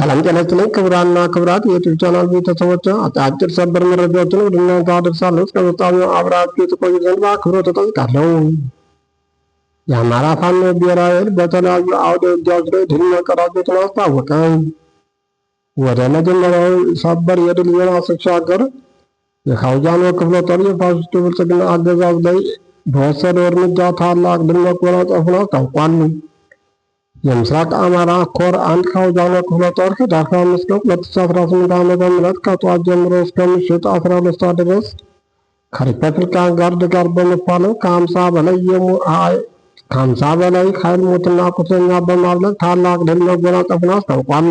ሰላም ጤና ይስጥልኝ ክቡራንና ክቡራት የዩቲዩብ ቻናል ቤተሰቦች፣ አጫጭር ሰበር መረጃዎችን ወደ እናንተ አደርሳለሁ። እስከ ፍጻሜው አብራችሁ ትቆዩ ዘንድ በአክብሮት እጠይቃለሁ። የአማራ ፋኖ ብሔራዊ ኃይል በተለያዩ አውደ ውጊያዎች ላይ ድል መቀዳጀቱን አስታወቀ። ወደ መጀመሪያው ሰበር የድል ዜና ስሻገር የካውጃኖ ክፍለ ጦር የፋሽስቱ ብልጽግና አገዛዝ ላይ በወሰደው እርምጃ ታላቅ ድል መጎናጸፉን አስታውቋል። የምስራቅ አማራ ኮር አንድ ከአውዛነ ክፍለ ጦር ህዳር 15 ቀን 2018 ዓ ም ከጠዋት ጀምሮ እስከ ምሽት 12 ሰዓት ድረስ ከሪፐብሊካን ጋርድ ጋር በመፋለም ከ50 በላይ ኃይል ሞትና ቁስለኛ በማድረግ ታላቅ ድል መጎናጸፉን አስታውቋል።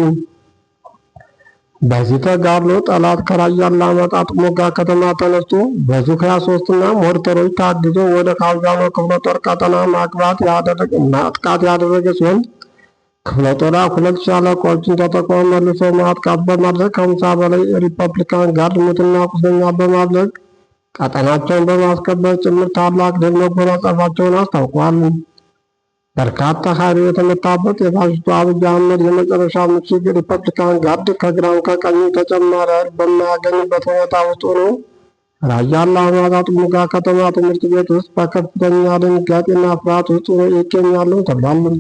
በዚህ ተጋድሎ ጠላት ከራያ አላማጣ ጥሙጋ ከተማ ተነስቶ በዙ 23 እና ሞርተሮች ታግዞ ወደ ካውዛኖ ክፍለ ጦር ቀጠና ማግባት ማጥቃት ያደረገ ሲሆን ክፍለ ጦሩ ሁለት ሻለቃዎችን ተጠቅሞ መልሶ ማጥቃት በማድረግ ከሀምሳ በላይ ሪፐብሊካን ጋርድ ሙትና ቁስለኛ በማድረግ ቀጠናቸውን በማስከበር ጭምር ታላቅ ድል መጎናጸፋቸውን አስታውቋል። በርካታ ኃይሉ የተመታበት የፋሽስቱ አብይ አህመድ የመጨረሻ ምሽግ ሪፐብሊካን ጋርድ ከግራም ከቀኙ ተጨማሪ ኃይል በማያገኝበት ሁኔታ ውስጥ ሆኖ ራያን ለአማራ ጥሙጋ ከተማ ትምህርት ቤት ውስጥ በከፍተኛ ድንጋጤና ፍርሃት ውስጥ ሆኖ ይገኛሉ ተብሏል።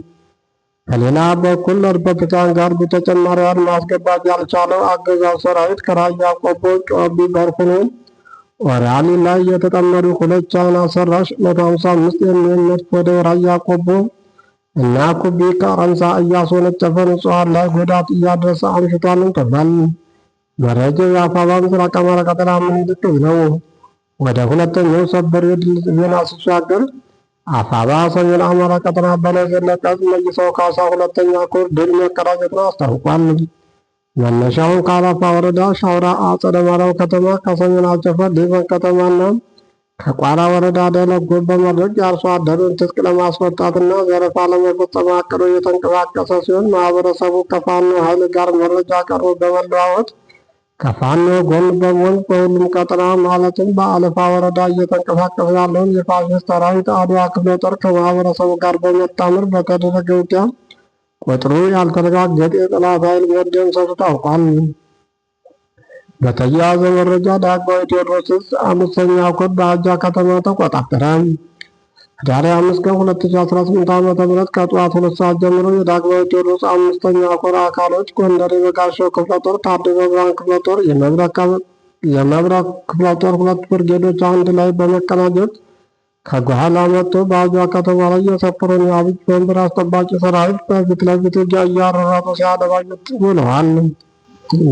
ከሌላ በኩል ከኤርፖርትጋን ጋር በተጨማሪ ኃይል ማስገባት ያልቻለው አገዛዝ ሰራዊት ከራያ ቆቦ ጮቢ በርሁኖ ወራሊ ላይ የተጠመዱ ሁለት ቻይና ሰራሽ 155 የሚሆን መድፍ ወደ ራያ ቆቦ እና ኩቢ ከአረንሳ እያስወነጨፈ ንጹሐን ላይ ጉዳት እያደረሰ አምሽቷል ተባል። መረጃው የአፋባ ምስራቅ አማራ ቀጠና ምንድቅኝ ነው። ወደ ሁለተኛው ሰበር የድል ዜና ሲሻገር አሳባ ሰሜን አማራ ቀጠና ዘለቀ ዘለቀዝ መልሰው ካሳ ሁለተኛ ኮር ድል መቀዳጀቱን አስታውቋል። መነሻውን ከአላፋ ወረዳ ሻውራ አጸደ ማርያም ከተማ ከሰሜን አጨፈር ድፈን ከተማና ከቋራ ወረዳ ደለጎ በመድረግ የአርሶ አደሩን ትጥቅ ለማስወጣትና ዘረፋ ለመፈጸም አቅዶ እየተንቀሳቀሰ ሲሆን ማህበረሰቡ ከፋኖ ኃይል ጋር መረጃ ቀርቦ በመለዋወጥ ከፋኖ ጎን በጎን በሁሉም ቀጠና ማለትም በአለፋ ወረዳ እየተንቀሳቀሰ ያለውን የፋሽስት ሰራዊት አድዋ ክፍለ ጦር ከማህበረሰቡ ጋር በመጣምር በተደረገ ውጊያ ቁጥሩ ያልተረጋገጠ የጠላት ኃይል መደምሰሱ ታውቋል። በተያያዘ መረጃ ዳግማዊ ቴዎድሮስ አምስተኛ ኮር በአጃ ከተማ ተቆጣጠረ። ዳሬ አምስት ቀን 2018 ዓ.ም ከጠዋት ሁለት ሰዓት ጀምሮ የዳግማዊ ቴዎድሮስ አምስተኛ ኮር አካሎች ጎንደር የበጋሻው ክፍለ ጦር፣ ታደገ ብርሃን ክፍለ ጦር፣ የመብረቅ ክፍለ ጦር ሁለት ብርጌዶች አንድ ላይ በመቀናጀት ከጓኋላ መጥቶ በአጇ ከተማ ላይ የሰፈረውን የአብጅ ወንበር አስጠባቂ ሰራዊት በፊት ለፊት ውጊያ እያረራጡ ሲያደባዩት ውለዋል።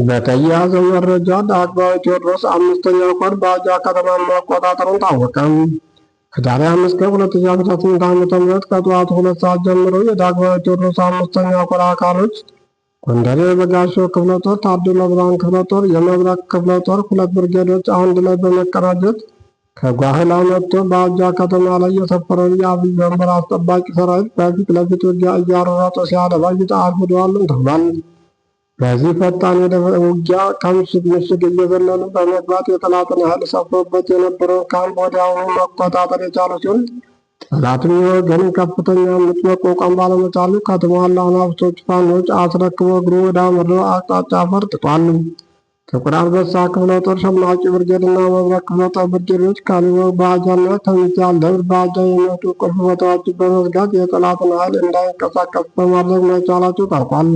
በተያያዘው መረጃ ዳግማዊ ቴዎድሮስ አምስተኛ ኮር በአጇ ከተማ መቆጣጠሩን ታወቀም። ከዛሬ አምስት ቀን ሁለት ሺ አስራ ስምንት ዓመተ ሁለት ሰዓት ጀምሮ የዳግማዊ ቴዎድሮስ አምስተኛ ኮር አካሎች ጎንደር የበጋሾ ክፍለ ጦር፣ ታድሎ ብርሃን ክፍለ ጦር፣ የመብረቅ ክፍለ ጦር ሁለት ብርጌዶች አንድ ላይ በመቀናጀት ከጓህላ መጥቶ በአጃ ከተማ ላይ የሰፈረው የአብይ ወንበር አስጠባቂ ሰራዊት በፊት ለፊት ውጊያ እያሯሯጠ ሲያለባ ይጣል ብለዋል ተብሏል። በዚህ ፈጣን ውጊያ ከምሽግ ምሽግ እየዘለሉ በመግባት የጠላትን ያህል ሰፍሮበት የነበረው ካምፕ ወዲያውኑ መቆጣጠር የቻሉ ሲሆን ጠላትም የወገን ከፍተኛ ምት መቋቋም ባለመቻሉ ከተማዋን ለአናብስቶች ፋኖች አስረክቦ እግሩ ወደ አመራው አቅጣጫ ፈርጥቷል። ጥቁር አንበሳ ክፍለ ጦር ሸማቂ እና መብረቅ ክፍለ ጦር ብርጌዶች ካሊቦ ባጃና ተሚቻ ደብር ባጃ የሚወጡ ቁልፍ ቦታዎች በመዝጋት የጠላትን ኃይል እንዳይንቀሳቀስ በማድረግ መቻላቸው ታውቋል።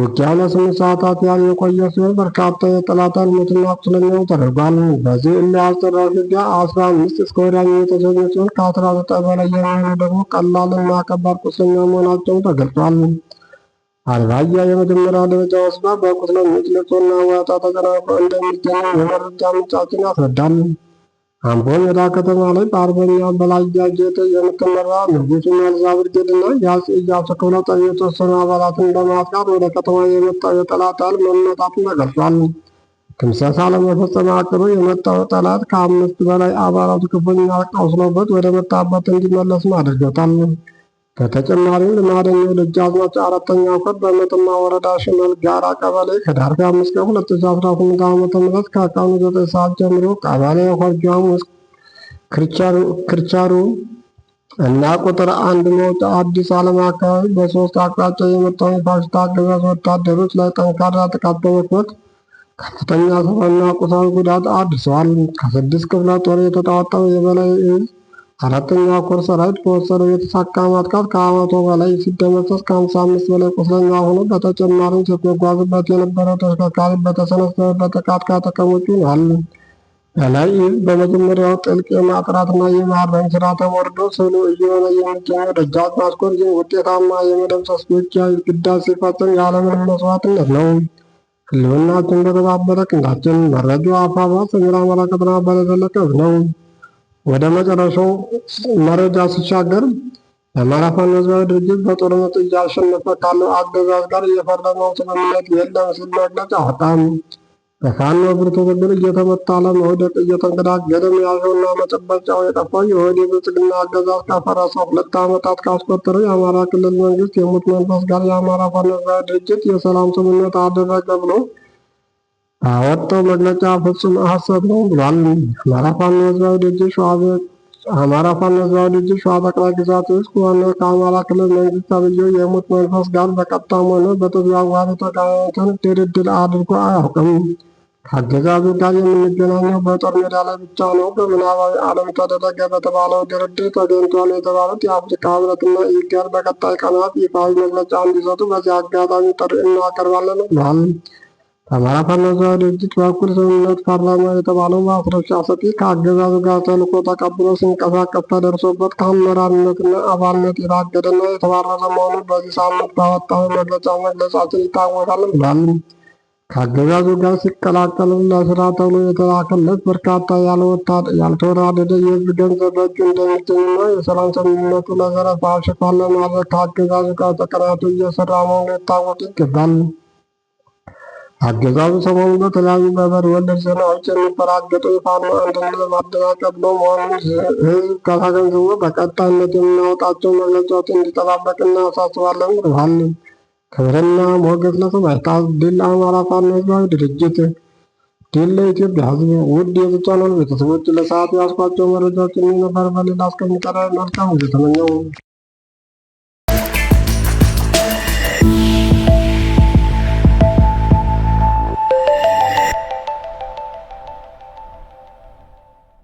ውጊያው ለስምንት ሰዓታት ያህል የቆየ ሲሆን በርካታ የጠላት ኃይል ሙትና ቁስለኛ ተደርጓል። በዚህ እልህ አስጨራሽ ውጊያ አስራ አምስት እስከ ወዲያኛው ሲሆን ከአስራ ዘጠኝ በላይ የሚሆኑ ደግሞ ቀላልና ከባድ ቁስለኛ መሆናቸው ተገልጿል። አልራያ የመጀመሪያ ደረጃ ወስዳ በቁስለኞች ልብሶና ዋጣ ተጨናንቆ እንደሚገኙ የመረጃ ምንጫችን ያስረዳል። አምቦ የዳ ከተማ ላይ በአርበኛ በላይ ያጌጠ የምትመራ ንጉሱ መልዛብር ጌድና የአጼ ኢያሱ ክፍለ ጦር የተወሰኑ አባላትን በማጥቃት ወደ ከተማ የመጣው የጠላት ኃይል መመጣቱ ተገልጿል። ክምሰሳ ለመፈጸም አቅዶ የመጣው ጠላት ከአምስት በላይ አባላቱ ክፉኛ ቆስለውበት ወደ መጣበት እንዲመለስም አድርገውታል። በተጨማሪም ልማደኛው ደጃዝማች አራተኛ ኮር በመተማ ወረዳ ሽመል ጋራ ቀበሌ ከዳር 5 ቀን 2018 ዓ ም ከቀኑ 9 ሰዓት ጀምሮ ቀበሌ ኮርጃም ውስጥ ክርቻሩ እና ቁጥር አንድ መውጫ አዲስ ዓለም አካባቢ በሶስት አቅጣጫ የመጣው የፋሽስት ታገዛዝ ወታደሮች ላይ ጠንካራ ጥቃት በመክፈት ከፍተኛ ሰብዓዊና ቁሳዊ ጉዳት አድርሰዋል። ከስድስት ክፍለ ጦር የተውጣጣው የበላይ አራተኛ ኮር ሰራዊት በወሰደው የተሳካ ማጥቃት ከመቶ በላይ ሲደመሰስ ከ55 በላይ ቁስለኛ ሆኖ በተጨማሪም ሲጓጓዝበት የነበረው ተሽከርካሪ በተሰነዘረበት ጥቃት ከጥቅም ውጭ ሆኗል። በላይ ይህ በመጀመሪያው ጥልቅ የማጥራትና የማረም ስራ ተሞርዶ ስሉ እየሆነ የሚገኘው ደጃዝ ማስኮር ይህ ውጤታማ የመደምሰስ ውጊያ ግዳጅ ሲፈጽም የዓለምንም መስዋዕትነት ነው። ህልውናችን በተባበረ ክንዳችን። መረጃው አፋባ ሰሜራ መራከትና በለዘለቀብ ነው። ወደ መጨረሻው መረጃ ሲሻገር በማራቶን ህዝባዊ ድርጅት በጦርነት እያሸነፈ ካለው አገዛዝ ጋር የፈረመው ስምምነት የለም ሲል መግለጫ አወጣም። በፋኖ ብርቱ ትግል እየተመታ ለመውደቅ እየተንገዳገደ መያዣውና መጨበጫው የጠፋው የወዲህ ብልጽግና አገዛዝ ካፈረሰ ሁለት ዓመታት ካስቆጠረ የአማራ ክልል መንግስት የሙት መንፈስ ጋር የአማራ ፋኖ ህዝባዊ ድርጅት የሰላም ስምምነት አደረገ ብሎ አወጣው መግለጫ ፍጹም ሐሰት ነው ብሏል። አማራ ፋኖ ህዝባዊ ድርጅት ሸዋ አማራ ፋኖ ህዝባዊ ድርጅት ሸዋ ጠቅላይ ግዛት ውስጥ ዋና ከአማራ ክልል መንግስት ተብዬው የሙት መንፈስ ጋር በቀጥታም ሆነ በተዘዋዋሪ ተቃዋሚዎችን ድርድር አድርጎ አያውቅም። ከአገዛዙ ጋር የምንገናኘው በጦር ሜዳ ላይ ብቻ ነው። በምናባዊ ዓለም ተደረገ በተባለው ድርድር ተገኝቷል የተባሉት የአፍሪካ ህብረትና ኢጋድ በቀጣይ ቀናት ይፋዊ መግለጫ እንዲሰጡ በዚህ አጋጣሚ ጥሪ እናቀርባለን ብሏል። በአማራ ፋኖ ሕዝባዊ ድርጅት በኩል ስምምነት ፓርላማ የተባለው ማስረሻ ሰጪ ከአገዛዙ ጋር ተልኮ ተቀብሎ ሲንቀሳቀስ ተደርሶበት ከአመራርነትና አባልነት የታገደና የተባረረ መሆኑ በዚህ ሳምንት ባወጣው መግለጫ መግለጫችን ይታወቃል ብሏል። ከአገዛዙ ጋር ሲቀላቀል ለስራ ተብሎ የተላከለት በርካታ ያልተወራደደ የህዝብ ገንዘብ በእጁ እንደሚገኝና የሰላም ስምምነቱ ለዘረፋ ሽፋን ለማድረግ ከአገዛዙ ጋር ተቀናጅቶ እየሰራ መሆኑ ሊታወቅ ይገባል። አገዛዙ ሰሞኑን በተለያዩ በዘር ወለድ ዜናዎች የሚፈራገጡ የፋኖ አንድነት ነው መሆኑን ህዝብ ካሳገንዝቦ በቀጣይነት የምናወጣቸው መግለጫዎች እንዲጠባበቅና አሳስባለን ብለዋል። ክብርና ሞገስ ለሰማዕታት! ድል ለአማራ ፋኖ ህዝባዊ ድርጅት! ድል ለኢትዮጵያ ህዝብ! ውድ የተቻለን ቤተሰቦች ለሰዓት ያስኳቸው መረጃዎች የሚነበር በሌላ እስከሚቀረብ መልካም ጊዜ ተመኘው።